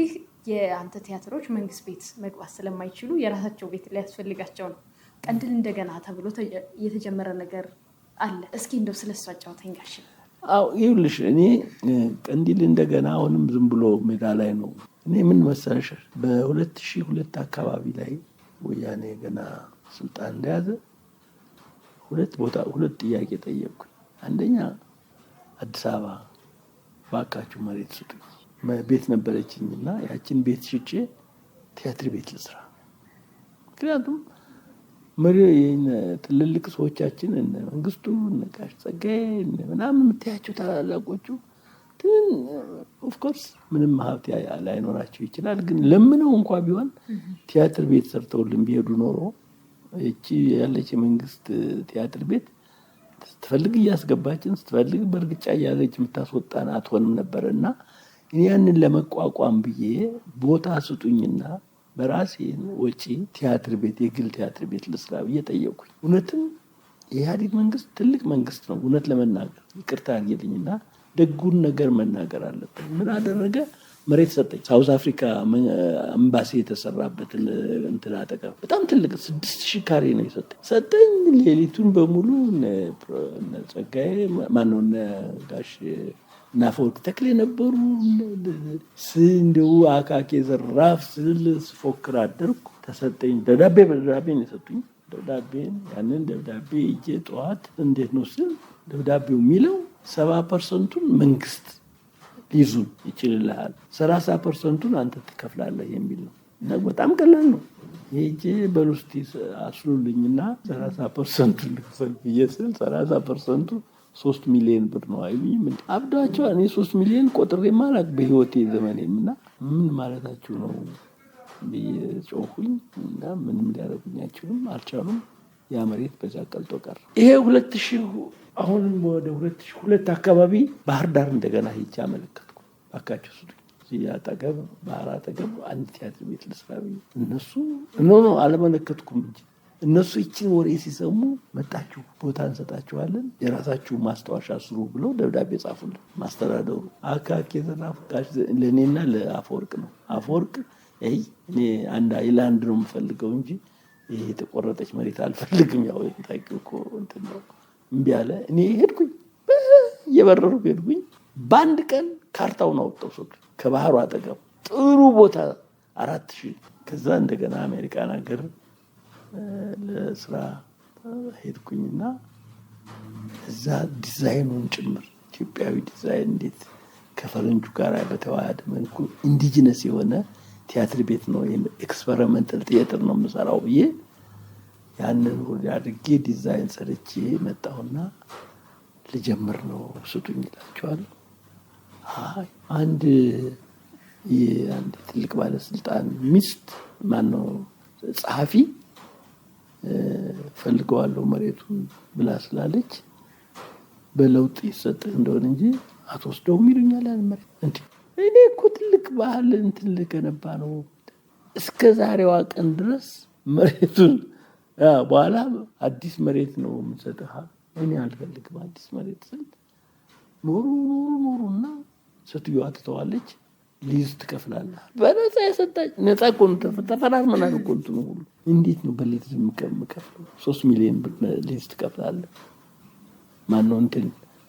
እንግዲህ የአንተ ቲያትሮች መንግስት ቤት መግባት ስለማይችሉ የራሳቸው ቤት ሊያስፈልጋቸው ነው። ቀንድል እንደገና ተብሎ የተጀመረ ነገር አለ። እስኪ እንደው ስለሱ አጫውተኝ ጋሽ። አዎ ይኸውልሽ፣ እኔ ቀንዲል እንደገና አሁንም ዝም ብሎ ሜዳ ላይ ነው። እኔ ምን መሰለሽ በሁለት ሺህ ሁለት አካባቢ ላይ ወያኔ ገና ስልጣን እንደያዘ ሁለት ቦታ ሁለት ጥያቄ ጠየቅኩኝ። አንደኛ አዲስ አበባ ባካችሁ መሬት ስጡኝ ቤት ነበረችኝ እና ያችን ቤት ሽጬ ቲያትር ቤት ልስራ። ምክንያቱም መሪ ትልልቅ ሰዎቻችን እነ መንግስቱ፣ እነ ጋሽ ጸጋዬ ምናምን የምታያቸው ታላላቆቹ ግን ኦፍኮርስ ምንም ሀብት ላይኖራቸው ይችላል። ግን ለምነው እንኳ ቢሆን ቲያትር ቤት ሰርተውልን ቢሄዱ ኖሮ እቺ ያለች የመንግስት ቲያትር ቤት ስትፈልግ እያስገባችን ስትፈልግ በእርግጫ እያለች የምታስወጣን አትሆንም ነበር እና ያንን ለመቋቋም ብዬ ቦታ ስጡኝና በራሴን ወጪ ቲያትር ቤት የግል ቲያትር ቤት ልስራ ብዬ ጠየቅኩኝ። እውነትም የኢህአዴግ መንግስት ትልቅ መንግስት ነው። እውነት ለመናገር ይቅርታ አድርጌልኝና ደጉን ነገር መናገር አለብን። ምን አደረገ? መሬት ሰጠኝ። ሳውዝ አፍሪካ አምባሲ የተሰራበትን እንትን አጠገብ በጣም ትልቅ ስድስት ሺህ ካሬ ነው የሰጠኝ ሰጠኝ። ሌሊቱን በሙሉ ጸጋዬ ማነው ጋሽ እና አፈወርቅ ተክሌ ነበሩ። እንደው አካኬ ዘራፍ ስል ስፎክር አደርኩ። ተሰጠኝ ደብዳቤ፣ በደብዳቤ ነው የሰጡኝ። ደብዳቤን ያንን ደብዳቤ እጄ ጠዋት እንዴት ነው ስል ደብዳቤው የሚለው ሰባ ፐርሰንቱን መንግስት ሊዙን ይችልልሃል፣ ሰላሳ ፐርሰንቱን አንተ ትከፍላለህ የሚል ነው እና በጣም ቀላል ነው። ይሄ በሉስቲ አስሉልኝና ሰላሳ ፐርሰንቱን ልክፈል ብዬ ስል ሰላሳ ፐርሰንቱ ሶስት ሚሊዮን ብር ነው አይሉኝም? አብዳቸው እኔ ሶስት ሚሊዮን ቆጥሬ ማላቅ በህይወቴ ዘመኔም እና ምን ማለታችሁ ነው ብዬ ጮሁኝ እና ምንም ሊያደርጉኛቸውም አልቻሉም። ያ መሬት በዛ ቀልጦ ቀር። ይሄ ሁለት ሺህ አሁንም ወደ ሁለት ሺህ ሁለት አካባቢ ባህር ዳር እንደገና ሂጄ አመለከትኩ። እባካችሁ ስጡኝ አጠገብ ባህር አጠገብ አንድ ቲያትር ቤት ልስራ። እነሱ ኖ ኖ አለመለከትኩም እንጂ እነሱ ይችን ወሬ ሲሰሙ መጣችሁ ቦታ እንሰጣችኋለን፣ የራሳችሁ ማስታወሻ ስሩ ብለው ደብዳቤ ጻፉልን። ማስተዳደሩ አካክ የተናፍቃሽ ለእኔና ለአፈወርቅ ነው። አፈወርቅ ይ እኔ አንድ አይላንድ ነው የምፈልገው እንጂ ይህ የተቆረጠች መሬት አልፈልግም። ያው ታይኮ እንትን ነው እምቢ አለ። እኔ ሄድኩኝ፣ እየበረሩ ሄድኩኝ። በአንድ ቀን ካርታውን አወጣው ሰው ከባህሩ አጠገብ ጥሩ ቦታ አራት ሺህ ከዛ እንደገና አሜሪካን ሀገር ለስራ ሄድኩኝና እዛ ዲዛይኑን ጭምር ኢትዮጵያዊ ዲዛይን እንዴት ከፈረንጁ ጋር በተዋሃደ መልኩ ኢንዲጂነስ የሆነ ቲያትር ቤት ነው ኤክስፐሪመንታል ቲያትር ነው የምሰራው ብዬ ያንን ሁሉ አድርጌ ዲዛይን ሰርቼ መጣሁና ልጀምር ነው ስጡኝ ይላቸዋል። አንድ አንድ ትልቅ ባለስልጣን ሚስት ማነው ጸሐፊ ፈልገዋለሁ መሬቱ ብላ ስላለች በለውጥ ይሰጥህ እንደሆነ እንጂ አትወስደውም ይሉኛል። መሬት እንዲ እኔ እኮ ትልቅ ባህልን ትልቅ ገነባ ነው እስከ ዛሬዋ ቀን ድረስ መሬቱን በኋላ አዲስ መሬት ነው የምንሰጥህ። እኔ አልፈልግም አዲስ መሬት ስል ኖሩ ኖሩ ኖሩ እና ሴትዮዋ ትተዋለች። ሊዝ ትከፍላለህ። በነፃ የሰጣች ነፃ እኮ ነው። ተፈራርመናል እኮ እንትኑ ሁሉ እንዴት ነው በሌትር የምከፍለው? ሶስት ሚሊዮን ብር ሌት ትከፍላለህ። ማነው እንትን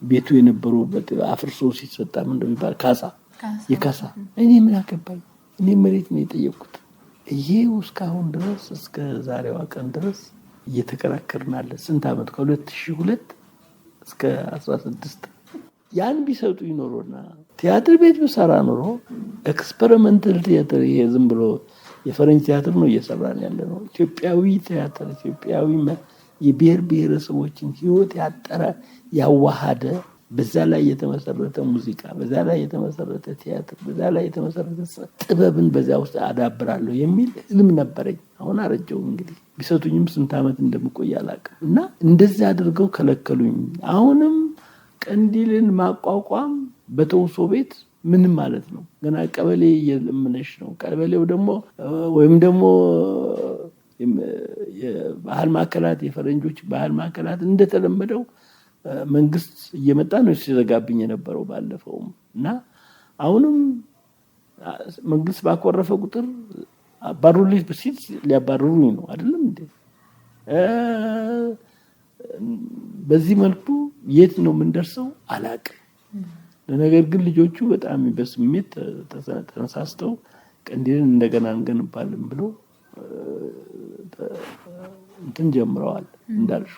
ቤቱ የነበረበት አፍርሶ ሲሰጣ ምንድን ነው ካሳ፣ የካሳ እኔ ምን አገባኝ? እኔ መሬት ነው የጠየቅኩት። ይሄው እስካሁን ድረስ እስከ ዛሬዋ ቀን ድረስ እየተከራከርናለ ስንት ዓመት ከሁለት ሺህ ሁለት እስከ አስራ ስድስት ያን ቢሰጡ ይኖሮና ቲያትር ቤት ብሰራ ኖሮ ኤክስፐሪመንታል ቲያትር ይሄ ዝም ብሎ የፈረንጅ ቲያትር ነው እየሰራን ያለ ነው። ኢትዮጵያዊ ቲያትር ኢትዮጵያዊ የብሔር ብሔረሰቦችን ህይወት ያጠረ ያዋሃደ በዛ ላይ የተመሰረተ ሙዚቃ፣ በዛ ላይ የተመሰረተ ቲያትር፣ በዛ ላይ የተመሰረተ ጥበብን በዛ ውስጥ አዳብራለሁ የሚል ህልም ነበረኝ። አሁን አረጀው እንግዲህ ቢሰቱኝም ስንት ዓመት እንደምቆይ አላውቅም። እና እንደዚህ አድርገው ከለከሉኝ። አሁንም ቀንዲልን ማቋቋም በተውሶ ቤት ምንም ማለት ነው። ገና ቀበሌ እየለምነች ነው። ቀበሌው ደግሞ ወይም ደግሞ የባህል ማዕከላት የፈረንጆች ባህል ማዕከላት እንደተለመደው መንግስት እየመጣ ነው ሲዘጋብኝ የነበረው ባለፈውም እና አሁንም መንግስት ባኮረፈ ቁጥር አባሩልኝ ሲል ሊያባርሩኝ ነው አይደለም እንዴ? በዚህ መልኩ የት ነው የምንደርሰው? አላቅም። ነገር ግን ልጆቹ በጣም በስሜት ተነሳስተው ቀንዲልን እንደገና እንገንባለን ብሎ እንትን ጀምረዋል። እንዳልሹ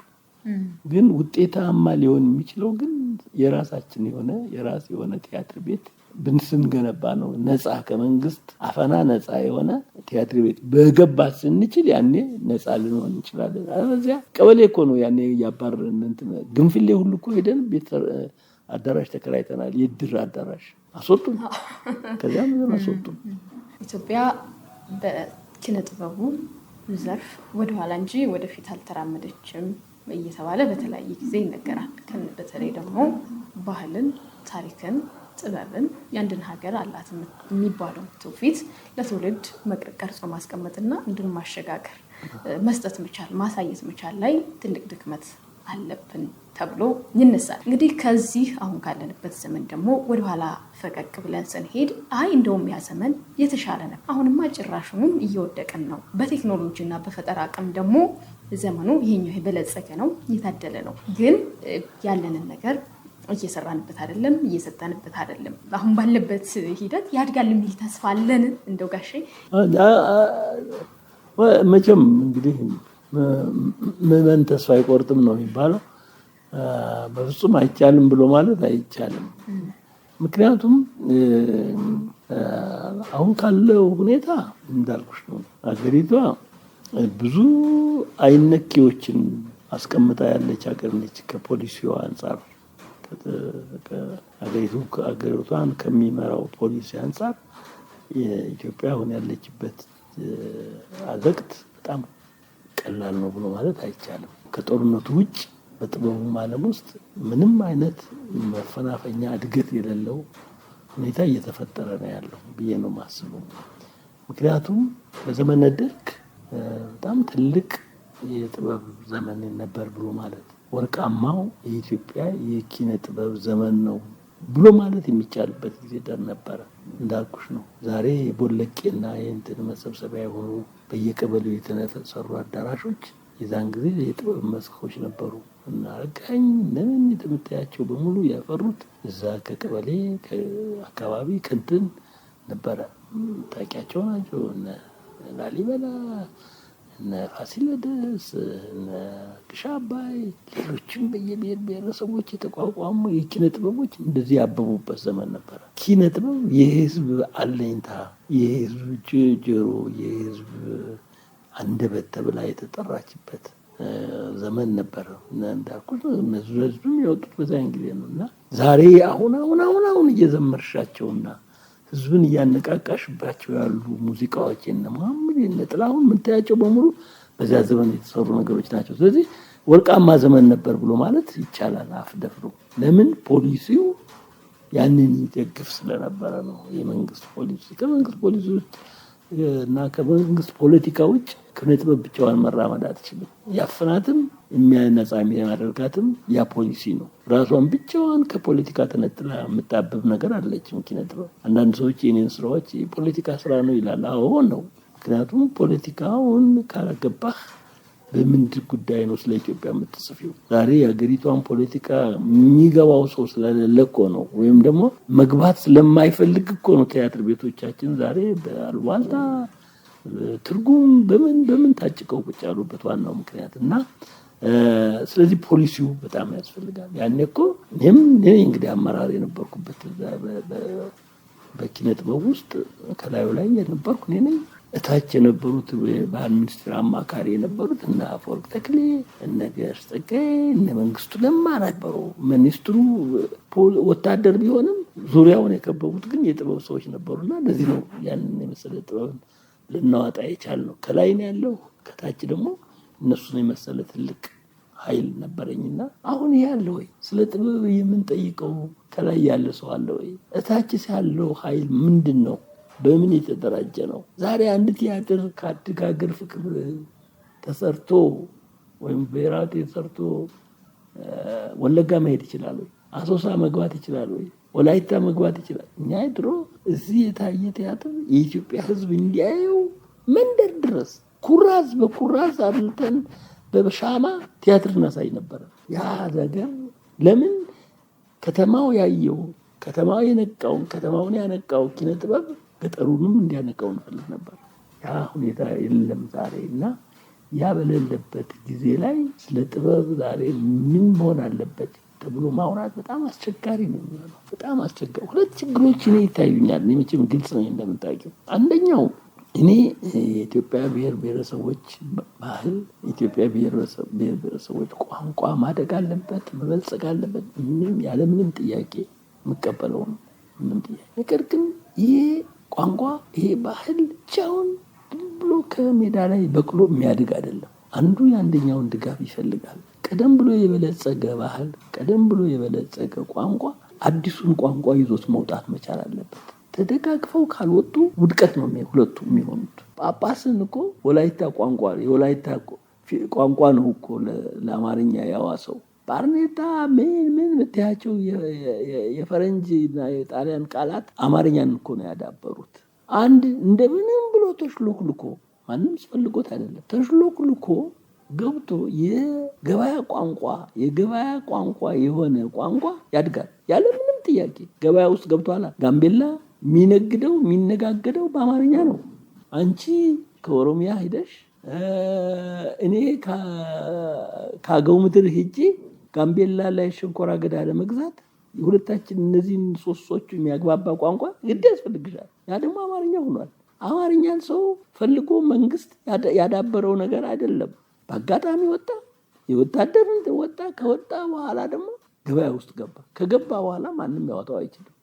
ግን ውጤታማ ሊሆን የሚችለው ግን የራሳችን የሆነ የራስ የሆነ ቲያትር ቤት ስንገነባ ነው። ነፃ ከመንግስት አፈና ነፃ የሆነ ቲያትር ቤት በገባት ስንችል ያኔ ነፃ ልንሆን እንችላለን። አለበለዚያ ቀበሌ እኮ ነው ያኔ እያባረርን እንትን ግንፍሌ ሁሉ እኮ ሄደን አዳራሽ ተከራይተናል። የድር አዳራሽ አስወጡም። ከዚያም ምንም አስወጡም። ኢትዮጵያ በኪነ ጥበቡ ዘርፍ ወደኋላ እንጂ ወደፊት አልተራመደችም እየተባለ በተለያየ ጊዜ ይነገራል። በተለይ ደግሞ ባህልን፣ ታሪክን፣ ጥበብን የአንድን ሀገር አላት የሚባለው ትውፊት ለትውልድ ቀርጾ ማስቀመጥና እንድን ማሸጋገር መስጠት መቻል ማሳየት መቻል ላይ ትልቅ ድክመት አለብን ተብሎ ይነሳል። እንግዲህ ከዚህ አሁን ካለንበት ዘመን ደግሞ ወደኋላ ፈቀቅ ብለን ስንሄድ አይ እንደውም ያ ዘመን የተሻለ ነው፣ አሁንማ ጭራሹንም እየወደቅን ነው። በቴክኖሎጂ እና በፈጠራ አቅም ደግሞ ዘመኑ ይሄኛው የበለጸገ ነው፣ እየታደለ ነው። ግን ያለንን ነገር እየሰራንበት አይደለም፣ እየሰጠንበት አይደለም። አሁን ባለበት ሂደት ያድጋል የሚል ተስፋ አለን። እንደው ጋሼ መቼም እንግዲህ ምዕመን ተስፋ አይቆርጥም ነው የሚባለው። በፍጹም አይቻልም ብሎ ማለት አይቻልም። ምክንያቱም አሁን ካለው ሁኔታ እንዳልኩሽ ነው። አገሪቷ ብዙ አይነኪዎችን አስቀምጣ ያለች ሀገር ነች። ከፖሊሲዋ አንጻር ሀገሪቱ ሀገሪቷን ከሚመራው ፖሊሲ አንጻር የኢትዮጵያ አሁን ያለችበት አዘቅት በጣም ቀላል ነው ብሎ ማለት አይቻልም። ከጦርነቱ ውጭ በጥበቡም ዓለም ውስጥ ምንም አይነት መፈናፈኛ እድገት የሌለው ሁኔታ እየተፈጠረ ነው ያለው ብዬ ነው ማስበው። ምክንያቱም በዘመነ ደርግ በጣም ትልቅ የጥበብ ዘመን ነበር ብሎ ማለት ወርቃማው የኢትዮጵያ የኪነ ጥበብ ዘመን ነው ብሎ ማለት የሚቻልበት ጊዜ ደር ነበረ። እንዳልኩሽ ነው ዛሬ የቦለቄና የእንትን መሰብሰቢያ የሆኑ በየቀበሌው የተሰሩ አዳራሾች የዛን ጊዜ የጥበብ መስኮች ነበሩ እና ቀኝ ለምን የምታያቸው በሙሉ ያፈሩት እዛ ከቀበሌ አካባቢ ከንትን ነበረ። ታውቂያቸው ናቸው ላሊበላ እነ ፋሲለደስ እነ ግሽ አባይ ሌሎችም በየብሔር ብሔረሰቦች የተቋቋሙ የኪነ ጥበቦች እንደዚህ ያበቡበት ዘመን ነበረ። ኪነ ጥበብ የህዝብ አለኝታ፣ የህዝብ ጆሮ፣ የህዝብ አንደበት ተብላ የተጠራችበት ዘመን ነበረ። እንዳልኩት እነሱ ህዝብም የወጡት በዚያን ጊዜ ነው እና ዛሬ አሁን አሁን አሁን አሁን እየዘመርሻቸውና ህዝብን እያነቃቃሽባቸው ያሉ ሙዚቃዎች የነ መሐመድ የነ ጥላሁን የምታያቸው በሙሉ በዚያ ዘመን የተሰሩ ነገሮች ናቸው። ስለዚህ ወርቃማ ዘመን ነበር ብሎ ማለት ይቻላል አፍደፍሮ ለምን ፖሊሲው ያንን ይደግፍ ስለነበረ ነው። የመንግስት ፖሊሲ ከመንግስት ፖሊሲ ውስጥ እና ከመንግስት ፖለቲካ ውጭ ከሆነ ጥበብ ብቻዋን መራመድ አትችልም። ያፍናትም የሚያነጻ የሚያደርጋትም ያ ፖሊሲ ነው። ራሷን ብቻዋን ከፖለቲካ ተነጥላ የምታብብ ነገር አለችም ኪነ ጥበብ። አንዳንድ ሰዎች የኔን ስራዎች የፖለቲካ ስራ ነው ይላል። አዎ ነው። ምክንያቱም ፖለቲካውን ካላገባህ በምንድን ጉዳይ ነው ስለ ኢትዮጵያ የምትጽፊው? ዛሬ የሀገሪቷን ፖለቲካ የሚገባው ሰው ስለሌለ እኮ ነው፣ ወይም ደግሞ መግባት ስለማይፈልግ እኮ ነው። ቲያትር ቤቶቻችን ዛሬ በአሉባልታ ትርጉም በምን በምን ታጭቀው ቁጭ ያሉበት ዋናው ምክንያት እና ስለዚህ ፖሊሲው በጣም ያስፈልጋል። ያኔ እኮ እኔም እንግዲህ አመራር የነበርኩበት በኪነጥበብ ውስጥ ከላዩ ላይ የነበርኩ እኔ ነኝ። እታች የነበሩት ባህል ሚኒስትር አማካሪ የነበሩት እነ አፈወርቅ ተክሌ፣ እነ ገርስ ጸጋዬ፣ እነ መንግስቱ ለማ ነበሩ። ሚኒስትሩ ወታደር ቢሆንም ዙሪያውን የከበቡት ግን የጥበብ ሰዎች ነበሩና ለዚህ ነው ያንን የመሰለ ጥበብን ልናወጣ ነው። ከላይ ነው ያለው፣ ከታች ደግሞ እነሱን የመሰለ ትልቅ ኃይል ነበረኝና አሁን ይሄ አለ ወይ? ስለ ጥበብ የምንጠይቀው ከላይ ያለ ሰው አለ ወይ? እታችስ ያለው ኃይል ምንድን ነው? በምን የተደራጀ ነው? ዛሬ አንድ ቲያትር ከአደጋገር ፍቅር ተሰርቶ ወይም ብሔራት ተሰርቶ ወለጋ መሄድ ይችላል ወይ? አሶሳ መግባት ይችላል ወይ? ወላይታ መግባት ይችላል? እኛ ድሮ እዚህ የታየ ቲያትር የኢትዮጵያ ሕዝብ እንዲያየው መንደር ድረስ ኩራዝ በኩራዝ አብልተን በሻማ ቲያትር እናሳይ ነበረ። ያ ነገር ለምን ከተማው ያየው ከተማው የነቃውን ከተማውን ያነቃው ኪነ ጥበብ ገጠሩንም እንዲያነቀው እንፈልግ ነበር። ያ ሁኔታ የለም ዛሬ እና ያ በሌለበት ጊዜ ላይ ስለ ጥበብ ዛሬ ምን መሆን አለበት ተብሎ ማውራት በጣም አስቸጋሪ ነው የሚሆነው። በጣም አስቸጋሪ ሁለት ችግሮች እኔ ይታዩኛል። እኔ መቼም ግልጽ ነው እንደምታውቂው። አንደኛው እኔ የኢትዮጵያ ብሔር ብሔረሰቦች ባህል፣ የኢትዮጵያ ብሔር ብሔረሰቦች ቋንቋ ማደግ አለበት፣ መበልጸግ አለበት። ምንም ያለምንም ጥያቄ የምቀበለው ነው ምንም ጥያቄ ነገር ግን ይሄ ቋንቋ ይሄ ባህል ብቻውን ብሎ ከሜዳ ላይ በቅሎ የሚያድግ አይደለም። አንዱ የአንደኛውን ድጋፍ ይፈልጋል። ቀደም ብሎ የበለጸገ ባህል፣ ቀደም ብሎ የበለጸገ ቋንቋ አዲሱን ቋንቋ ይዞት መውጣት መቻል አለበት። ተደጋግፈው ካልወጡ ውድቀት ነው ሁለቱ የሚሆኑት። ጳጳስን እኮ ወላይታ ቋንቋ የወላይታ ቋንቋ ነው እኮ ለአማርኛ ያዋሰው ባርኔጣ ምን ምን የፈረንጅ የፈረንጅና የጣሊያን ቃላት አማርኛን እኮ ነው ያዳበሩት። አንድ እንደምንም ብሎ ተሽሎክልኮ ማንም ስፈልጎት አይደለም ተሽሎክልኮ ገብቶ የገበያ ቋንቋ የገበያ ቋንቋ የሆነ ቋንቋ ያድጋል ያለ ምንም ጥያቄ። ገበያ ውስጥ ገብቷላ። ጋምቤላ የሚነግደው የሚነጋገደው በአማርኛ ነው። አንቺ ከኦሮሚያ ሂደሽ እኔ ከአገው ምድር ሄጄ ጋምቤላ ላይ ሸንኮራ አገዳ ለመግዛት ሁለታችን እነዚህን ሶሶቹ የሚያግባባ ቋንቋ ግድ ያስፈልግሻል። ያ ደግሞ አማርኛ ሆኗል። አማርኛን ሰው ፈልጎ መንግስት ያዳበረው ነገር አይደለም። በአጋጣሚ ወጣ፣ የወታደርን ወጣ። ከወጣ በኋላ ደግሞ ገበያ ውስጥ ገባ። ከገባ በኋላ ማንም ያወጣው አይችልም።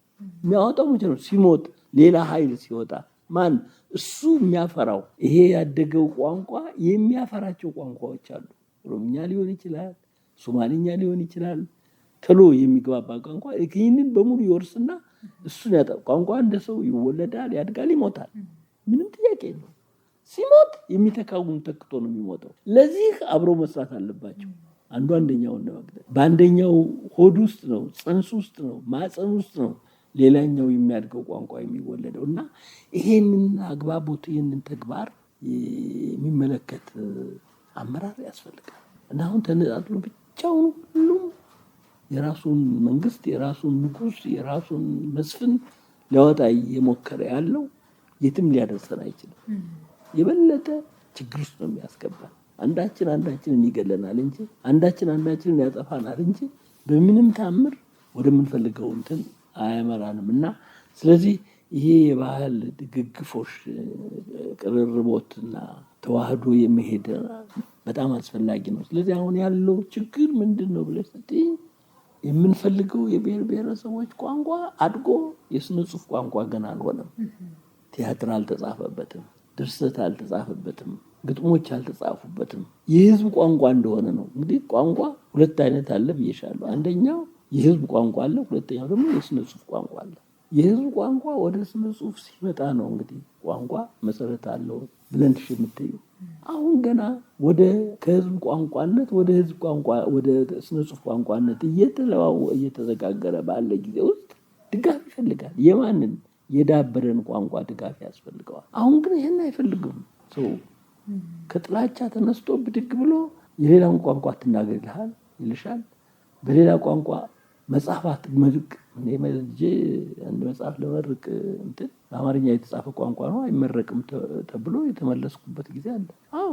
የሚያወጣው መቼ ነው? ሲሞት፣ ሌላ ኃይል ሲወጣ ማን እሱ የሚያፈራው ይሄ ያደገው ቋንቋ የሚያፈራቸው ቋንቋዎች አሉ። ኦሮምኛ ሊሆን ይችላል ሶማሊኛ ሊሆን ይችላል ተሎ የሚግባባ ቋንቋ ይህንን በሙሉ ይወርስና እሱን ያጣ ቋንቋ እንደ ሰው ይወለዳል፣ ያድጋል፣ ይሞታል። ምንም ጥያቄ ነው። ሲሞት የሚተካውን ተክቶ ነው የሚሞተው። ለዚህ አብሮ መስራት አለባቸው። አንዱ አንደኛው በአንደኛው ሆድ ውስጥ ነው፣ ጽንስ ውስጥ ነው፣ ማፀን ውስጥ ነው ሌላኛው የሚያድገው ቋንቋ የሚወለደው እና ይሄንን አግባቦት ይህንን ተግባር የሚመለከት አመራር ያስፈልጋል እና አሁን ተነጣጥሎ ብቻውን ሁሉም የራሱን መንግስት፣ የራሱን ንጉስ፣ የራሱን መስፍን ሊያወጣ እየሞከረ ያለው የትም ሊያደርሰን አይችልም። የበለጠ ችግር ውስጥ ነው የሚያስገባል። አንዳችን አንዳችንን ይገለናል እንጂ አንዳችን አንዳችንን ያጠፋናል እንጂ በምንም ታምር ወደምንፈልገው እንትን አያመራንም እና ስለዚህ ይሄ የባህል ድግግፎሽ ቅርርቦትና ተዋህዶ የመሄድ በጣም አስፈላጊ ነው። ስለዚህ አሁን ያለው ችግር ምንድን ነው ብለህ ስትይ የምንፈልገው የብሔር ብሔረሰቦች ቋንቋ አድጎ የስነ ጽሁፍ ቋንቋ ገና አልሆነም። ቲያትር አልተጻፈበትም፣ ድርሰት አልተጻፈበትም፣ ግጥሞች አልተጻፉበትም። የህዝብ ቋንቋ እንደሆነ ነው። እንግዲህ ቋንቋ ሁለት አይነት አለ ብዬሻለሁ። አንደኛው የህዝብ ቋንቋ አለ፣ ሁለተኛው ደግሞ የስነ ጽሁፍ ቋንቋ አለ። የህዝብ ቋንቋ ወደ ስነ ጽሁፍ ሲመጣ ነው እንግዲህ ቋንቋ መሰረት አለው ብለንሽ የምትይው አሁን ገና ወደ ከህዝብ ቋንቋነት ወደ ህዝብ ቋንቋ ወደ ስነ ጽሁፍ ቋንቋነት እየተለዋወ እየተዘጋገረ ባለ ጊዜ ውስጥ ድጋፍ ይፈልጋል። የማንን የዳበረን ቋንቋ ድጋፍ ያስፈልገዋል። አሁን ግን ይህን አይፈልግም። ሰው ከጥላቻ ተነስቶ ብድግ ብሎ የሌላውን ቋንቋ ትናገር ይልሃል ይልሻል በሌላ ቋንቋ መጽሐፍ አትመርቅ እንጂ አንድ መጽሐፍ ለመርቅ እንትን በአማርኛ የተጻፈ ቋንቋ ነው አይመረቅም ተብሎ የተመለስኩበት ጊዜ አለ። አዎ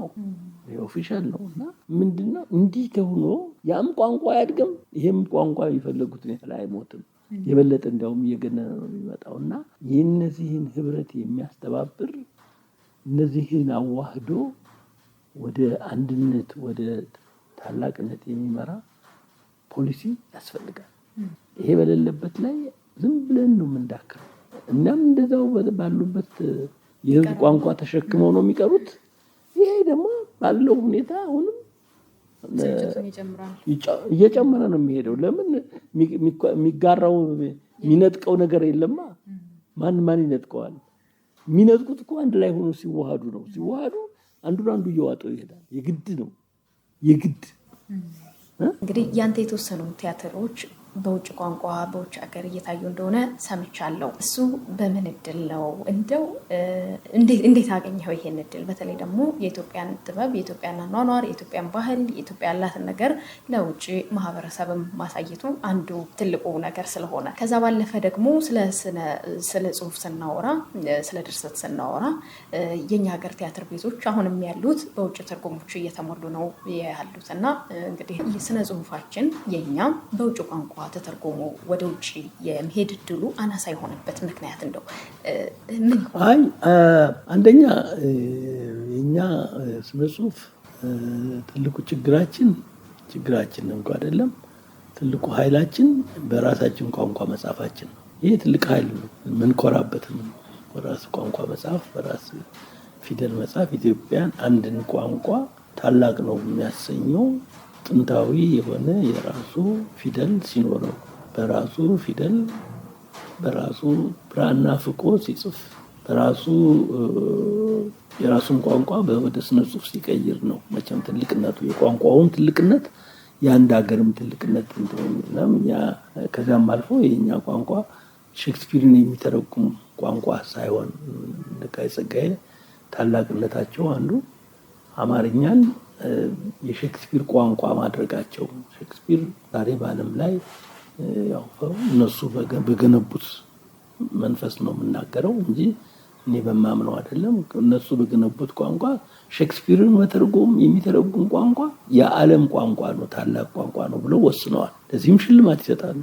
ኦፊሻል ነው እና ምንድነው እንዲህ ተሆኖ ያም ቋንቋ አያድግም፣ ይህም ቋንቋ የሚፈለጉት ሁኔታ አይሞትም። የበለጠ እንዲያውም እየገነነ ነው የሚመጣው እና የእነዚህን ህብረት የሚያስተባብር እነዚህን አዋህዶ ወደ አንድነት ወደ ታላቅነት የሚመራ ፖሊሲ ያስፈልጋል። ይሄ በሌለበት ላይ ዝም ብለን ነው የምንዳክረው። እናም እንደዛው ባሉበት የህዝብ ቋንቋ ተሸክመው ነው የሚቀሩት። ይሄ ደግሞ ባለው ሁኔታ አሁንም እየጨመረ ነው የሚሄደው። ለምን የሚጋራው የሚነጥቀው ነገር የለማ። ማን ማን ይነጥቀዋል? የሚነጥቁት እኮ አንድ ላይ ሆኖ ሲዋሃዱ ነው። ሲዋሃዱ አንዱን አንዱ እየዋጠው ይሄዳል። የግድ ነው የግድ እንግዲህ ያንተ የተወሰኑ ቲያትሮች በውጭ ቋንቋ በውጭ ሀገር እየታዩ እንደሆነ ሰምቻለሁ። እሱ በምን እድል ነው እንደው እንዴት አገኘው ይሄን እድል? በተለይ ደግሞ የኢትዮጵያን ጥበብ፣ የኢትዮጵያን አኗኗር፣ የኢትዮጵያን ባህል፣ የኢትዮጵያ ያላትን ነገር ለውጭ ማህበረሰብም ማሳየቱ አንዱ ትልቁ ነገር ስለሆነ ከዛ ባለፈ ደግሞ ስለ ጽሁፍ ስናወራ፣ ስለ ድርሰት ስናወራ የኛ ሀገር ቲያትር ቤቶች አሁንም ያሉት በውጭ ትርጉሞች እየተሞሉ ነው ያሉት እና እንግዲህ ስነ ጽሁፋችን የኛ በውጭ ቋንቋ ተተርጎሞ ወደ ውጭ የመሄድ እድሉ አናሳ የሆነበት ምክንያት እንደው ምን? አይ አንደኛ የኛ ስነ ጽሁፍ ትልቁ ችግራችን ችግራችን እንኳ አይደለም፣ ትልቁ ኃይላችን በራሳችን ቋንቋ መጻፋችን ነው። ይሄ ትልቅ ኃይል ነው፣ በራስ ቋንቋ መጻፍ፣ በራስ ፊደል መጻፍ ኢትዮጵያን አንድን ቋንቋ ታላቅ ነው የሚያሰኘው ጥንታዊ የሆነ የራሱ ፊደል ሲኖረው በራሱ ፊደል በራሱ ብራና ፍቆ ሲጽፍ በራሱ የራሱን ቋንቋ ወደ ስነ ጽሁፍ ሲቀይር ነው። መቼም ትልቅነቱ የቋንቋውም ትልቅነት የአንድ ሀገርም ትልቅነት እንደሆነም ከዚያም አልፎ የኛ ቋንቋ ሼክስፒርን የሚተረጉም ቋንቋ ሳይሆን ጸጋዬ ታላቅነታቸው አንዱ አማርኛን የሼክስፒር ቋንቋ ማድረጋቸው ሼክስፒር ዛሬ በዓለም ላይ እነሱ በገነቡት መንፈስ ነው የምናገረው እንጂ እኔ በማምነው አይደለም። እነሱ በገነቡት ቋንቋ ሼክስፒርን መተርጎም የሚተረጉም ቋንቋ የዓለም ቋንቋ ነው፣ ታላቅ ቋንቋ ነው ብለው ወስነዋል። ለዚህም ሽልማት ይሰጣሉ፣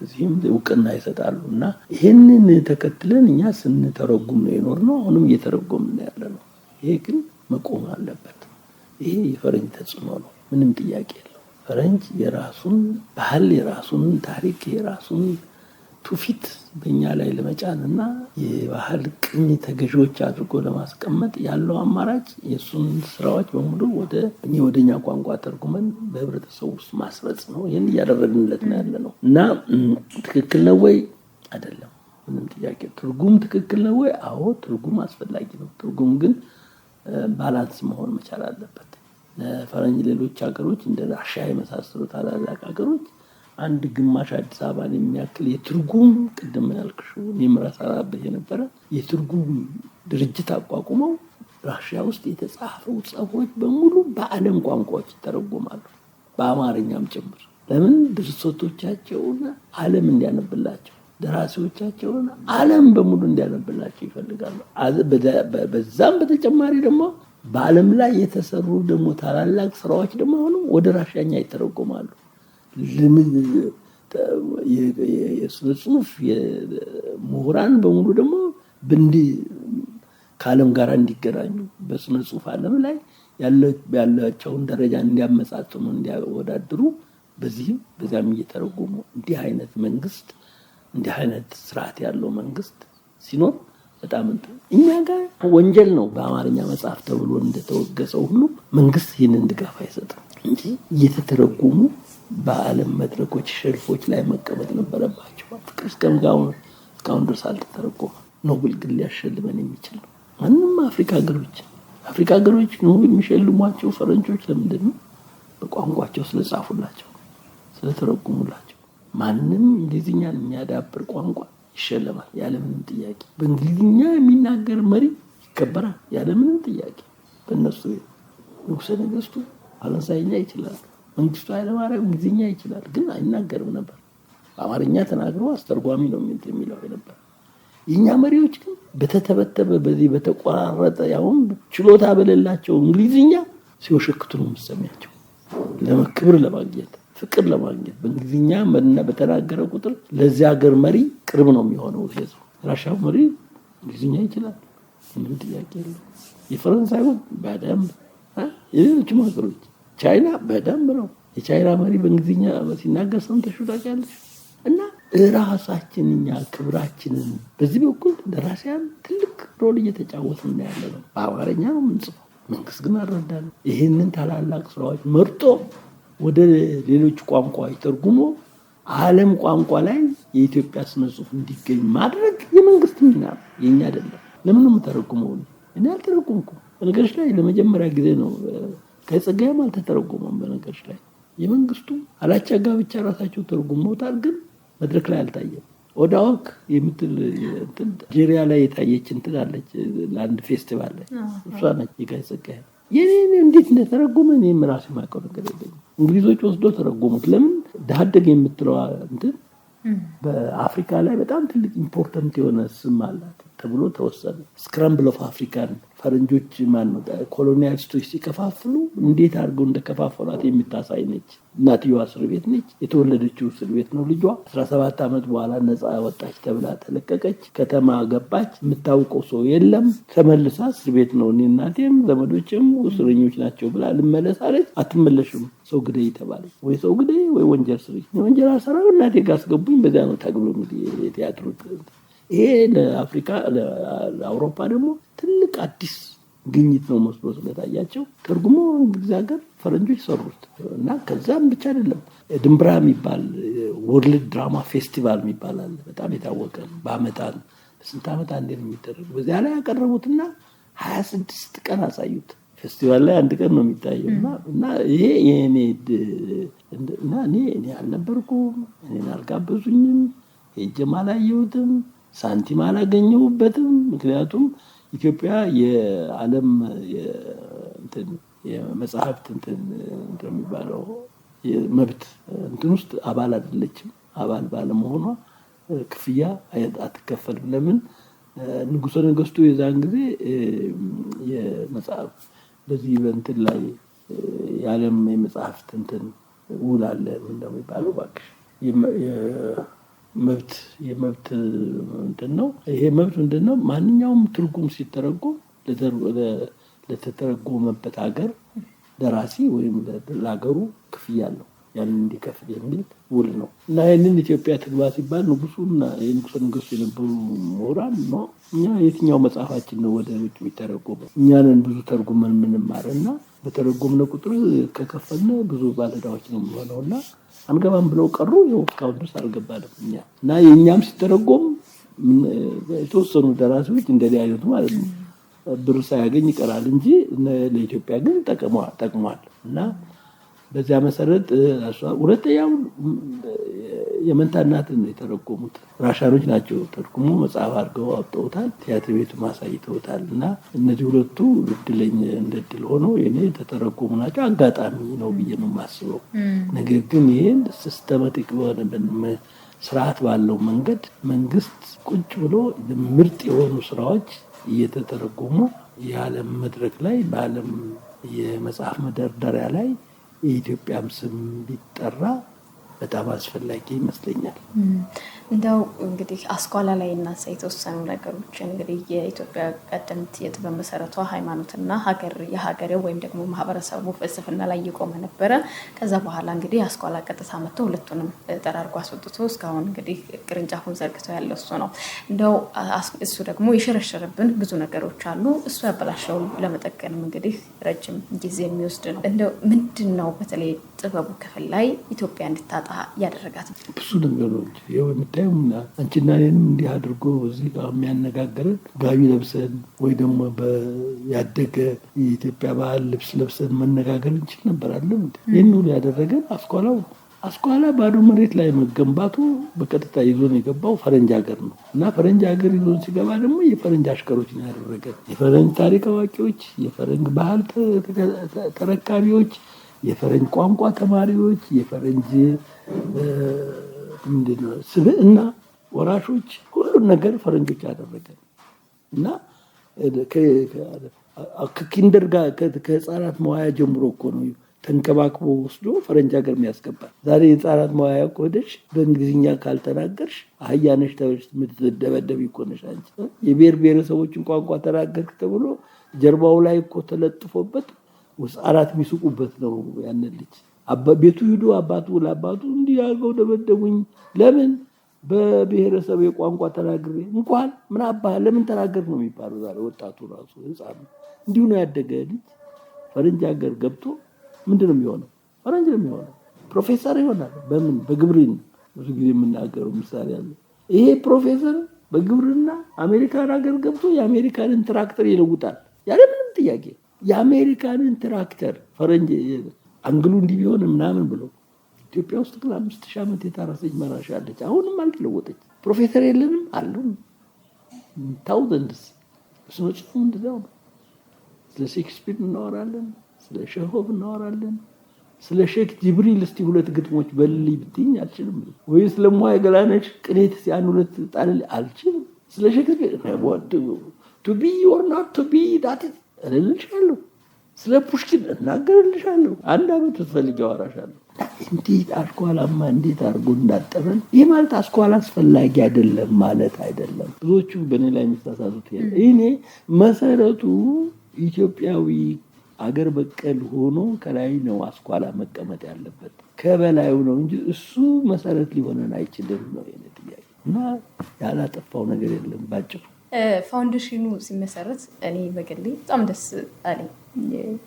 ለዚህም እውቅና ይሰጣሉ። እና ይህንን ተከትለን እኛ ስንተረጉም ነው የኖርነው፣ አሁንም እየተረጎምን ያለ ነው። ይሄ ግን መቆም አለበት። ይሄ የፈረንጅ ተጽዕኖ ነው፣ ምንም ጥያቄ የለው። ፈረንጅ የራሱን ባህል የራሱን ታሪክ የራሱን ትውፊት በእኛ ላይ ለመጫን እና የባህል ቅኝ ተገዢዎች አድርጎ ለማስቀመጥ ያለው አማራጭ የእሱን ስራዎች በሙሉ ወደ ወደኛ ቋንቋ ተርጉመን በህብረተሰቡ ውስጥ ማስረጽ ነው። ይህን እያደረግንለት ነው ያለ ነው እና ትክክል ነው ወይ አይደለም? ምንም ጥያቄ ትርጉም ትክክል ነው ወይ? አዎ ትርጉም አስፈላጊ ነው። ትርጉም ግን ባላንስ መሆን መቻል አለበት። ለፈረንጅ ሌሎች ሀገሮች እንደ ራሻ የመሳሰሉ ታላላቅ ሀገሮች አንድ ግማሽ አዲስ አበባን የሚያክል የትርጉም ቅድም ያልክሹ የምረሰራበት የነበረ የትርጉም ድርጅት አቋቁመው ራሽያ ውስጥ የተጻፈው ጽሁፎች በሙሉ በአለም ቋንቋዎች ይተረጎማሉ፣ በአማርኛም ጭምር። ለምን ድርሰቶቻቸውን አለም እንዲያነብላቸው ደራሲዎቻቸውን ዓለም በሙሉ እንዲያነብላቸው ይፈልጋሉ። በዛም በተጨማሪ ደግሞ በዓለም ላይ የተሰሩ ደግሞ ታላላቅ ስራዎች ደግሞ አሁኑ ወደ ራሻኛ ይተረጎማሉ። የስነ ጽሁፍ ምሁራን በሙሉ ደግሞ ብንድ ከዓለም ጋር እንዲገናኙ በስነ ጽሁፍ ዓለም ላይ ያላቸውን ደረጃ እንዲያመጻጽኑ፣ እንዲያወዳድሩ በዚህም በዚያም እየተረጎሙ እንዲህ አይነት መንግስት እንዲህ አይነት ስርዓት ያለው መንግስት ሲኖር በጣም እኛ ጋር ወንጀል ነው። በአማርኛ መጽሐፍ ተብሎ እንደተወገሰው ሁሉ መንግስት ይህንን ድጋፍ አይሰጥም እንጂ እየተተረጎሙ በዓለም መድረኮች፣ ሸልፎች ላይ መቀመጥ ነበረባቸው። ፍቅር እስከ እስካሁን ድረስ አልተተረጎመ። ኖብል ግን ሊያሸልመን የሚችል ነው። ማንም አፍሪካ ሀገሮች አፍሪካ ሀገሮች ኖብል የሚሸልሟቸው ፈረንጆች ለምንድን ነው? በቋንቋቸው ስለጻፉላቸው ስለተረጉሙላቸው ማንም እንግሊዝኛን የሚያዳብር ቋንቋ ይሸለማል ያለምንም ጥያቄ። በእንግሊዝኛ የሚናገር መሪ ይከበራል ያለምንም ጥያቄ። በእነሱ ንጉሰ ነገስቱ ፈረንሳይኛ ይችላል። መንግስቱ ኃይለማርያም እንግሊዝኛ ይችላል፣ ግን አይናገርም ነበር። በአማርኛ ተናግሮ አስተርጓሚ ነው የሚለው ነበር። የእኛ መሪዎች ግን በተተበተበ በዚህ በተቆራረጠ ያሁን ችሎታ በሌላቸው እንግሊዝኛ ሲወሸክቱ ነው የምትሰሚያቸው ለክብር ለማግኘት ፍቅር ለማግኘት በእንግሊዝኛ በተናገረ ቁጥር ለዚያ ሀገር መሪ ቅርብ ነው የሚሆነው ህዝብ። ራሻ መሪ እንግሊዝኛ ይችላል፣ ምንም ጥያቄ የለው። የፈረንሳይ በደንብ የሌሎችም ሀገሮች ቻይና በደንብ ነው። የቻይና መሪ በእንግሊዝኛ ሲናገር ሰምተሽ ታውቂያለሽ? እና ራሳችን እኛ ክብራችንን በዚህ በኩል ደራሲያን ትልቅ ሮል እየተጫወትን ያለ ነው። በአማርኛ ነው የምንጽፈው። መንግስት ግን አልረዳንም። ይህንን ታላላቅ ስራዎች መርጦ ወደ ሌሎች ቋንቋዎች ተርጉሞ ዓለም ቋንቋ ላይ የኢትዮጵያ ስነ ጽሁፍ እንዲገኝ ማድረግ የመንግስት ሚና የኛ አይደለም። ለምን የምተረጉመው እኔ አልተረጉምኩም። በነገሮች ላይ ለመጀመሪያ ጊዜ ነው ከጸጋዬም አልተተረጎመም። በነገሮች ላይ የመንግስቱ አላቻጋ ብቻ ራሳቸው ተርጉመውታል፣ ግን መድረክ ላይ አልታየም። ኦዳወክ የምትል ጄሪያ ላይ የታየች እንትን አለች፣ ለአንድ ፌስቲቫል ላይ እሷ ነች። የጋይ ጸጋዬ የኔ እንዴት እንደተረጉመ እኔም ራሴ የማውቀው ነገር የለኝም። እንግሊዞች ወስዶ ተረጎሙት። ለምን ዳሀደግ የምትለዋ እንትን በአፍሪካ ላይ በጣም ትልቅ ኢምፖርተንት የሆነ ስም አላት። ተብሎ ተወሰነ። ስክራምብል ኦፍ አፍሪካን ፈረንጆች ማን ኮሎኒያሊስቶች ሲከፋፍሉ እንዴት አድርገው እንደከፋፈሏት የምታሳይ ነች። እናትየዋ እስር ቤት ነች። የተወለደችው እስር ቤት ነው ልጇ። አስራ ሰባት ዓመት በኋላ ነፃ ወጣች ተብላ ተለቀቀች። ከተማ ገባች። የምታውቀው ሰው የለም። ተመልሳ እስር ቤት ነው። እኔ እናቴም ዘመዶችም እስረኞች ናቸው ብላ ልመለስ አለች። አትመለሽም፣ ሰው ግደይ ተባለ። ወይ ሰው ግደይ ወይ ወንጀል ስሪ። ወንጀል አሰራው እናቴ ጋር አስገቡኝ። በዚያ ነው ታግሎ እንግዲህ የቲያትሩ ይሄ ለአፍሪካ ለአውሮፓ ደግሞ ትልቅ አዲስ ግኝት ነው መስሎ ስለታያቸው ተርጉሞ እንግሊዝ ሀገር ፈረንጆች ሰሩት እና ከዛም ብቻ አይደለም ድንብራ የሚባል ወርልድ ድራማ ፌስቲቫል የሚባል አለ። በጣም የታወቀ በአመት በስንት ዓመት አንድ ነው የሚደረግ። በዚያ ላይ ያቀረቡትና ሀያ ስድስት ቀን አሳዩት። ፌስቲቫል ላይ አንድ ቀን ነው የሚታየው እና ይሄ የእኔ እና እኔ እኔ አልነበርኩም፣ እኔን አልጋበዙኝም፣ ሄጄም አላየሁትም። ሳንቲም አላገኘሁበትም። ምክንያቱም ኢትዮጵያ የዓለም የመጽሐፍት እንትን እንደሚባለው መብት እንትን ውስጥ አባል አይደለችም። አባል ባለመሆኗ ክፍያ አትከፈልም። ለምን ንጉሰ ነገስቱ የዛን ጊዜ የመጽሐፍ በዚህ በእንትን ላይ የዓለም የመጽሐፍት እንትን ውል አለ ምን እንደሚባለው እባክሽ መብት የመብት ምንድን ነው? ይሄ መብት ምንድን ነው? ማንኛውም ትርጉም ሲተረጎም ለተተረጎመበት ሀገር ደራሲ ወይም ለሀገሩ ክፍያ ነው። ያንን እንዲከፍል የሚል ውል ነው እና ይህንን ኢትዮጵያ ትግባ ሲባል ንጉሱና የንጉሰ ነገስቱ የነበሩ ምሁራን ነው እኛ የትኛው መጽሐፋችን ነው ወደ ውጭ የሚተረጎመው? እኛንን ብዙ ተርጉመን የምንማር እና በተረጎምነ ቁጥር ከከፈልነ ብዙ ባለዕዳዎች ነው የሚሆነው እና አንገባም ብለው ቀሩ። ይኸው እስካሁን ድረስ አልገባንም እኛ እና የእኛም ሲተረጎም የተወሰኑ ደራሲዎች እንደዚህ አይነቱ ማለት ነው ብር ሳያገኝ ይቀራል እንጂ ለኢትዮጵያ ግን ጠቅሟል እና በዚያ መሰረት ሁለተኛው የመንታ እናትን የተረጎሙት ራሻኖች ናቸው። ተርጉሞ መጽሐፍ አድርገው አውጥተውታል፣ ቲያትር ቤቱ ማሳይተውታል። እና እነዚህ ሁለቱ እድለኝ እንደ እድል ሆኖ እኔ የተተረጎሙ ናቸው። አጋጣሚ ነው ብዬ ነው የማስበው። ነገር ግን ይህን ሲስተማቲክ በሆነ ስርዓት ባለው መንገድ መንግስት ቁጭ ብሎ ምርጥ የሆኑ ስራዎች እየተተረጎሙ የዓለም መድረክ ላይ በዓለም የመጽሐፍ መደርደሪያ ላይ የኢትዮጵያም ስም ቢጠራ በጣም አስፈላጊ ይመስለኛል። እንደው እንግዲህ አስኳላ ላይ እናሳ የተወሰኑ ነገሮች እንግዲህ የኢትዮጵያ ቀደምት የጥበብ መሰረቷ ሃይማኖትና ሀገር የሀገሬው ወይም ደግሞ ማህበረሰቡ ፍልስፍና ላይ የቆመ ነበረ። ከዛ በኋላ እንግዲህ አስኳላ ቀጥታ መጥቶ ሁለቱንም ጠራርጎ አስወጥቶ እስካሁን እንግዲህ ቅርንጫፉን ዘርግቶ ያለ እሱ ነው። እንደው እሱ ደግሞ የሸረሸረብን ብዙ ነገሮች አሉ። እሱ ያበላሸው ለመጠገንም እንግዲህ ረጅም ጊዜ የሚወስድ ነው። እንደው ምንድን ነው በተለይ ጥበቡ ክፍል ላይ ኢትዮጵያ እንድታጣ ያደረጋት ብዙ ነገሮች ጉዳይ አንቺና እኔንም እንዲህ አድርጎ እዚህ ጋር የሚያነጋግረን ጋቢ ለብሰን ወይ ደግሞ ያደገ የኢትዮጵያ ባህል ልብስ ለብሰን መነጋገር እንችል ነበር። አለም ይህን ሁሉ ያደረገን አስኳላው አስኳላ ባዶ መሬት ላይ መገንባቱ በቀጥታ ይዞን የገባው ፈረንጅ ሀገር ነው እና ፈረንጅ ሀገር ይዞን ሲገባ ደግሞ የፈረንጅ አሽከሮች ነው ያደረገ የፈረንጅ ታሪክ አዋቂዎች፣ የፈረንጅ ባህል ተረካቢዎች፣ የፈረንጅ ቋንቋ ተማሪዎች፣ የፈረንጅ ምንድነው ስብዕና ወራሾች ሁሉን ነገር ፈረንጆች ያደረገ እና ከኪንደር ጋር ከህፃናት መዋያ ጀምሮ እኮ ነው ተንከባክቦ ወስዶ ፈረንጅ ሀገር የሚያስገባል። ዛሬ የህፃናት መዋያ ከሆነሽ በእንግሊዝኛ ካልተናገርሽ አህያነሽ ተብለሽ የምትደበደብ ይኮነሽ አንቺ። የብሔር ብሔረሰቦችን ቋንቋ ተናገርክ ተብሎ ጀርባው ላይ እኮ ተለጥፎበት ህፃናት የሚስቁበት ነው ያንን ልጅ ቤቱ ሂዶ አባቱ ለአባቱ እንዲህ አድርገው ደበደቡኝ። ለምን በብሔረሰብ የቋንቋ ተናግሬ እንኳን ምን አባ ለምን ተናገር ነው የሚባለው። ዛሬ ወጣቱ ራሱ ህፃኑ እንዲሁ ነው ያደገ ልጅ ፈረንጅ ሀገር ገብቶ ምንድን ነው የሚሆነው? ፈረንጅ ነው የሚሆነው፣ ፕሮፌሰር ይሆናል። በምን በግብርን ብዙ ጊዜ የምናገረው ምሳሌ አለ። ይሄ ፕሮፌሰር በግብርና አሜሪካን ሀገር ገብቶ የአሜሪካንን ትራክተር ይለውጣል ያለ ምንም ጥያቄ። የአሜሪካንን ትራክተር ፈረንጅ አንግሉ እንዲህ ቢሆን ምናምን ብሎ ኢትዮጵያ ውስጥ ግን አምስት ሺህ ዓመት የታረሰች መራሻ አለች። አሁንም አልተለወጠች። ፕሮፌሰር የለንም አሉ ታውዘንድስ ስኖች ነው እንደዛው ነው። ስለ ሼክስፒር እናወራለን፣ ስለ ሸሆብ እናወራለን። ስለ ሼክ ጅብሪል እስቲ ሁለት ግጥሞች በልልኝ ብትይኝ አልችልም። ወይ ስለ ሞይ ገላነሽ ቅኔት ሲያን ሁለት ጣልል አልችልም። ስለ ሼክስፒር ቱ ቢ ኦር ናት ቱ ቢ ዳት እልልሻለሁ ስለ ፑሽኪን እናገርልሻለሁ። አንድ ዓመት ብትፈልጊ አወራሻለሁ። እንዴት አስኳላማ እንዴት አድርጎ እንዳጠበን። ይህ ማለት አስኳላ አስፈላጊ አይደለም ማለት አይደለም። ብዙዎቹ በእኔ ላይ የሚሳሳቱት እኔ መሰረቱ ኢትዮጵያዊ አገር በቀል ሆኖ ከላይ ነው አስኳላ መቀመጥ ያለበት ከበላዩ ነው እንጂ እሱ መሰረት ሊሆነን አይችልም ነው የእኔ ጥያቄ። እና ያላጠፋው ነገር የለም ባጭሩ። ፋውንዴሽኑ ሲመሰረት እኔ በግሌ በጣም ደስ አለኝ።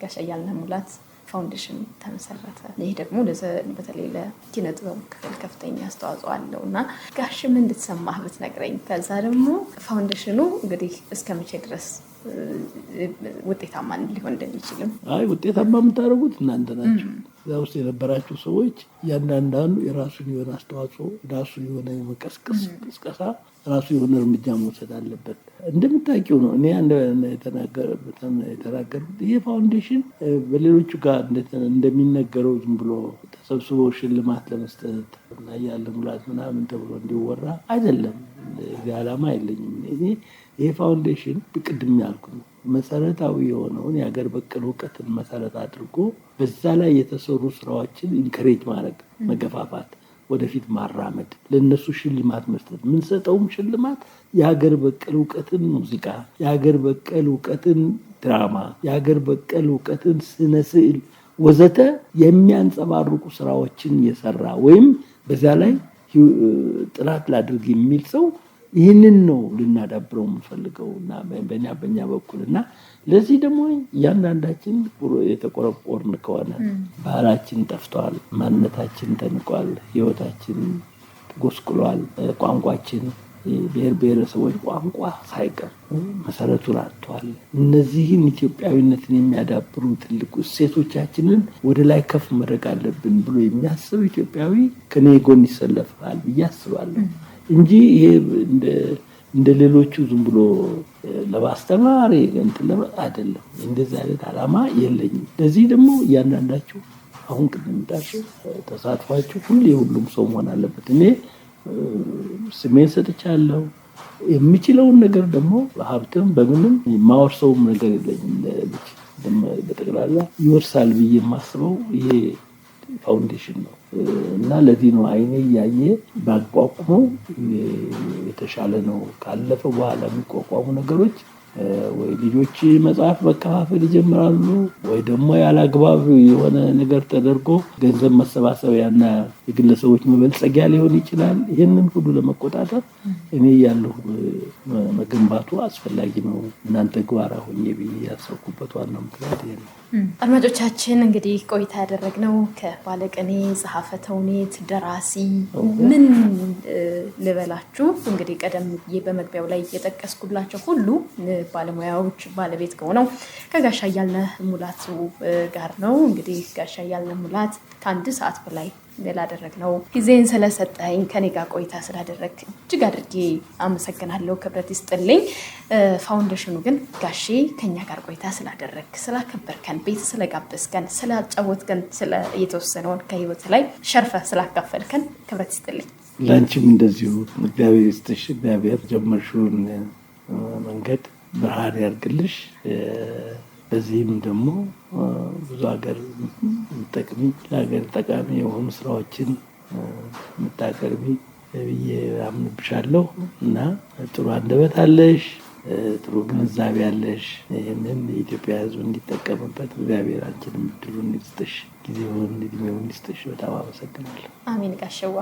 ጋሻ እያልነ ሙላት ፋውንዴሽን ተመሰረተ። ይህ ደግሞ በተለይ ለኪነ ጥበቡ ክፍል ከፍተኛ አስተዋጽኦ አለው እና ጋሽ ምን እንድትሰማህ ብትነግረኝ። ከዛ ደግሞ ፋውንዴሽኑ እንግዲህ እስከ መቼ ድረስ ውጤታማ ሊሆን እንደሚችልም። አይ ውጤታማ የምታደርጉት እናንተ ናቸው። እዛ ውስጥ የነበራቸው ሰዎች እያንዳንዳንዱ የራሱን የሆነ አስተዋጽኦ ራሱ የሆነ የመቀስቀስ ቅስቀሳ ራሱ የሆነ እርምጃ መውሰድ አለበት። እንደምታውቂው ነው እኔ የተናገርኩት። ይህ ፋውንዴሽን በሌሎቹ ጋር እንደሚነገረው ዝም ብሎ ተሰብስቦ ሽልማት ለመስጠት እና ያለ ሙላት ምናምን ተብሎ እንዲወራ አይደለም። እዚህ ዓላማ የለኝም እኔ። ይህ ፋውንዴሽን ቅድም ያልኩት መሰረታዊ የሆነውን የሀገር በቀል እውቀትን መሰረት አድርጎ በዛ ላይ የተሰሩ ስራዎችን ኢንክሬጅ ማድረግ መገፋፋት ወደፊት ማራመድ፣ ለእነሱ ሽልማት መስጠት። የምንሰጠውም ሽልማት የሀገር በቀል እውቀትን ሙዚቃ፣ የሀገር በቀል እውቀትን ድራማ፣ የሀገር በቀል እውቀትን ስነ ስዕል ወዘተ የሚያንጸባርቁ ስራዎችን የሰራ ወይም በዚያ ላይ ጥናት ላድርግ የሚል ሰው ይህንን ነው ልናዳብረው የምንፈልገው እና በኛ በኛ በኩል እና ለዚህ ደግሞ እያንዳንዳችን የተቆረቆርን ከሆነ ባህላችን ጠፍቷል፣ ማንነታችን ተንቋል፣ ህይወታችን ጎስቁሏል፣ ቋንቋችን ብሔር ብሔረሰቦች ቋንቋ ሳይቀር መሰረቱን አጥቷል። እነዚህን ኢትዮጵያዊነትን የሚያዳብሩ ትልቁ እሴቶቻችንን ወደ ላይ ከፍ መድረግ አለብን ብሎ የሚያስብ ኢትዮጵያዊ ከኔ ጎን ይሰለፋል ብዬ አስባለሁ። እንጂ ይሄ እንደ ሌሎቹ ዝም ብሎ ለማስተማር እንትን አይደለም። እንደዚህ አይነት አላማ የለኝም። ለዚህ ደግሞ እያንዳንዳችሁ አሁን ቅድምታችሁ ተሳትፏችሁ ሁሌ የሁሉም ሰው መሆን አለበት። እኔ ስሜን ሰጥቻለሁ። የምችለውን ነገር ደግሞ ሀብትም በምንም ማወርሰውም ነገር የለኝም። በጠቅላላ ይወርሳል ብዬ የማስበው ይሄ ፋውንዴሽን ነው። እና ለዚህ ነው አይኔ እያየ ባቋቁመው የተሻለ ነው። ካለፈ በኋላ የሚቋቋሙ ነገሮች ወይ ልጆች መጽሐፍ መከፋፈል ይጀምራሉ፣ ወይ ደግሞ ያለ አግባብ የሆነ ነገር ተደርጎ ገንዘብ መሰባሰቢያና የግለሰቦች መበልጸጊያ ሊሆን ይችላል። ይህንን ሁሉ ለመቆጣጠር እኔ ያለሁ መገንባቱ አስፈላጊ ነው። እናንተ ግባራ ሆኜ ብዬ ያሰብኩበት ዋናው ምክንያት ይሄ ነው። አድማጮቻችን እንግዲህ ቆይታ ያደረግነው ከባለቀኔ ጸሐፈ ተውኔት ደራሲ ምን ልበላችሁ እንግዲህ ቀደም ብዬ በመግቢያው ላይ የጠቀስኩላቸው ሁሉ ባለሙያዎች ባለቤት ከሆነው ከጋሻ እያልነ ሙላቱ ጋር ነው። እንግዲህ ጋሻ እያልነ ሙላት ከአንድ ሰዓት በላይ ነው። ጊዜን ስለሰጠኝ ከኔ ጋር ቆይታ ስላደረግ እጅግ አድርጌ አመሰግናለሁ። ክብረት ይስጥልኝ። ፋውንዴሽኑ ግን ጋሼ ከኛ ጋር ቆይታ ስላደረግ፣ ስላከበርከን፣ ቤት ስለጋበዝከን፣ ስላጫወትከን፣ የተወሰነውን ከህይወት ላይ ሸርፈ ስላካፈልከን ክብረት ይስጥልኝ። ለአንቺም እንደዚሁ እግዚአብሔር ይስጥሽ። እግዚአብሔር ጀመርሽውን መንገድ ብርሃን ያርግልሽ። በዚህም ደግሞ ብዙ ሀገር ምጠቅሚ ለሀገር ጠቃሚ የሆኑ ስራዎችን የምታቀርቢ ብዬ አምንብሻለሁ እና ጥሩ አንደበት አለሽ፣ ጥሩ ግንዛቤ አለሽ። ይህንን የኢትዮጵያ ሕዝብ እንዲጠቀምበት እግዚአብሔር አንቺን እድሉን ይስጥሽ፣ ጊዜውን እድሜውን ይስጥሽ። በጣም አመሰግናለሁ። አሜን። ቃሸዋ